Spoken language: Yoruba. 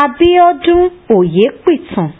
Abíọ́dún Òyèpìtàn